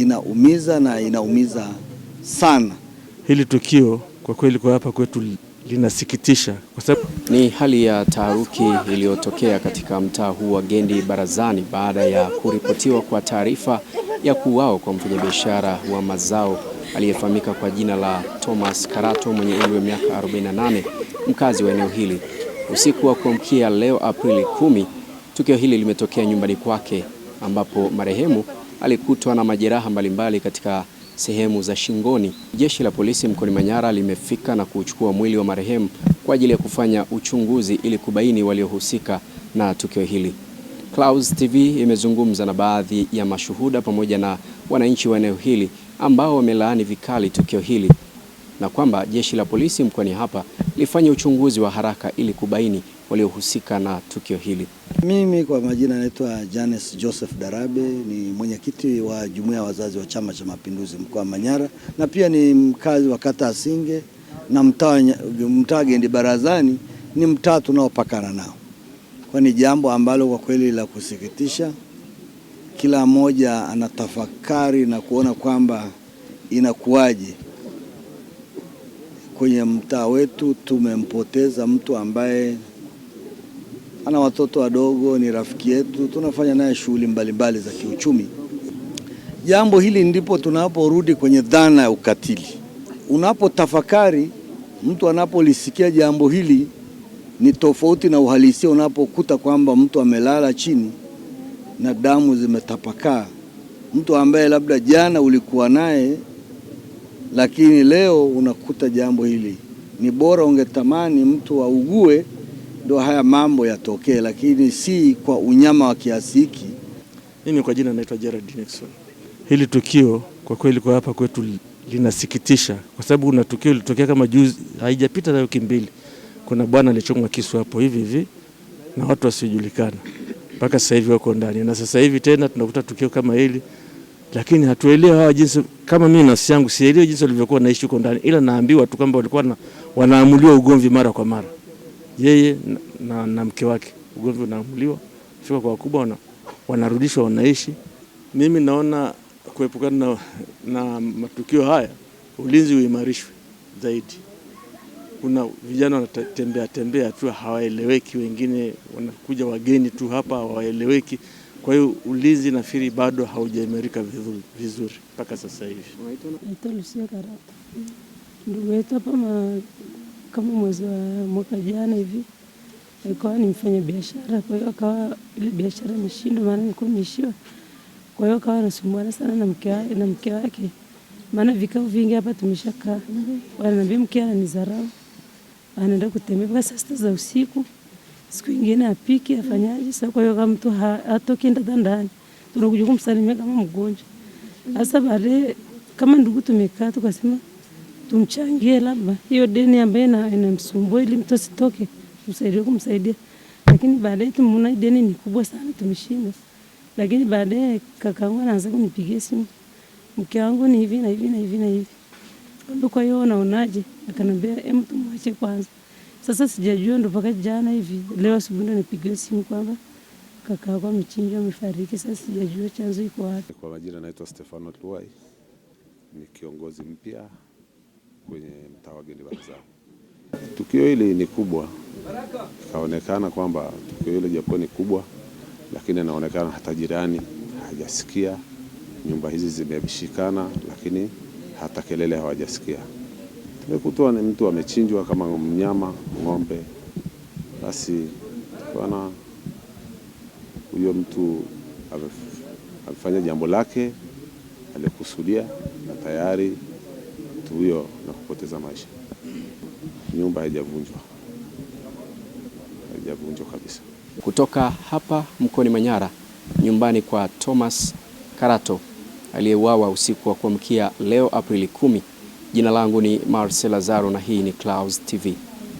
inaumiza na inaumiza sana. Hili tukio kwa kweli kwa hapa kwetu linasikitisha kwa sababu ni hali ya taharuki iliyotokea katika mtaa huu wa Gendi Barazani baada ya kuripotiwa kwa taarifa ya kuuawa kwa mfanyabiashara wa mazao aliyefahamika kwa jina la Thomas Karato mwenye umri wa miaka 48 mkazi wa eneo hili usiku wa kuamkia leo Aprili kumi. Tukio hili limetokea nyumbani kwake ambapo marehemu alikutwa na majeraha mbalimbali katika sehemu za shingoni. Jeshi la polisi mkoani Manyara limefika na kuchukua mwili wa marehemu kwa ajili ya kufanya uchunguzi ili kubaini waliohusika na tukio hili. Clouds TV imezungumza na baadhi ya mashuhuda pamoja na wananchi wa eneo hili ambao wamelaani vikali tukio hili na kwamba jeshi la polisi mkoani hapa lifanye uchunguzi wa haraka ili kubaini waliohusika na tukio hili. Mimi kwa majina naitwa Janes Joseph Darabe, ni mwenyekiti wa jumuiya ya wazazi wa Chama cha Mapinduzi mkoa wa Manyara, na pia ni mkazi wa kata Asinge na mtaa mtaa Gendi Barazani, ni mtaa tunaopakana nao, kwa ni jambo ambalo kwa kweli la kusikitisha. Kila mmoja anatafakari na kuona kwamba inakuwaje kwenye mtaa wetu tumempoteza mtu ambaye ana watoto wadogo, ni rafiki yetu, tunafanya naye shughuli mbalimbali za kiuchumi. Jambo hili ndipo tunaporudi kwenye dhana ya ukatili. Unapotafakari, mtu anapolisikia jambo hili ni tofauti na uhalisia unapokuta kwamba mtu amelala chini na damu zimetapakaa, mtu ambaye labda jana ulikuwa naye, lakini leo unakuta jambo hili. Ni bora ungetamani mtu augue ndo haya mambo yatokee, lakini si kwa unyama wa kiasi hiki. Mimi kwa jina naitwa Gerard Nixon. Hili tukio kwa kweli kwa hapa kwetu linasikitisha, kwa sababu kuna tukio lilitokea kama juzi, haijapita na wiki mbili. Kuna bwana alichomwa kisu hapo hivi hivi na watu wasiojulikana, mpaka sasa hivi wako ndani, na sasa hivi tena tunakuta tukio kama hili, lakini hatuelewi hawa jinsi. Kama mimi nafsi yangu sielewi jinsi walivyokuwa naishi huko ndani, ila naambiwa tu kwamba walikuwa wanaamuliwa ugomvi mara kwa mara yeye na, na mke wake. Ugomvi unaamuliwa fika kwa wakubwa, wanarudishwa wanaishi. Mimi naona kuepukana na, na matukio haya, ulinzi uimarishwe zaidi. Kuna vijana wanatembea tembea tu hawaeleweki, wengine wanakuja wageni tu hapa hawaeleweki. Kwa hiyo ulinzi nafikiri bado haujaimarika vizuri mpaka sasa hivi. Ndugu yetu hapa kama mwezi wa mwaka jana hivi, alikuwa ni mfanya biashara, kwa hiyo akawa ile biashara imeshindwa, maana ilikuwa imeishiwa. Kwa hiyo akawa anasumbuana sana na mke wake na mke wake, maana vikao vingi hapa tumeshakaa, wananiambia mhm. mke ananidharau, anaenda kutembea mpaka saa sita za usiku, siku ingine apiki afanyaje? Sasa kwa hiyo kama mtu hatoki ndani ndani, tunakuja kumsalimia kama mgonjwa. Mhm. Sasa baadaye kama ndugu tumekaa tukasema tumchangie labda hiyo deni ambayo inamsumbua, ili mtu asitoke, tumsaidie kumsaidia. Lakini baadaye tumeona deni ni kubwa sana, tumeshinda. Lakini baadaye kaka wangu anaanza kunipigia simu, mke wangu ni hivi na hivi na hivi na hivi, ndio kwa hiyo unaonaje? Akanambia hem, tumwache kwanza. Sasa sijajua, ndo mpaka jana hivi leo asubuhi ndo nipigia simu kwamba kaka yako amechinjwa, amefariki. Sasa sijajua chanzo iko wapi. Kwa majina naitwa Stefano Tuai, ni kiongozi mpya kwenye mtaa wa Gende Barazani. Tukio hili ni kubwa, ikaonekana kwamba tukio hili japo ni kubwa, lakini anaonekana hata jirani hajasikia. Nyumba hizi zimeshikana, lakini hata kelele hawajasikia. Tumekutwa ni mtu amechinjwa kama mnyama ng'ombe, basi kana huyo mtu amefanya jambo lake alikusudia na tayari huyo na kupoteza maisha. Nyumba haijavunjwa, haijavunjwa kabisa. Kutoka hapa mkoani Manyara, nyumbani kwa Thomas Karato aliyeuawa usiku wa kuamkia leo Aprili kumi. Jina langu ni Marcel Lazaro na hii ni Clouds TV.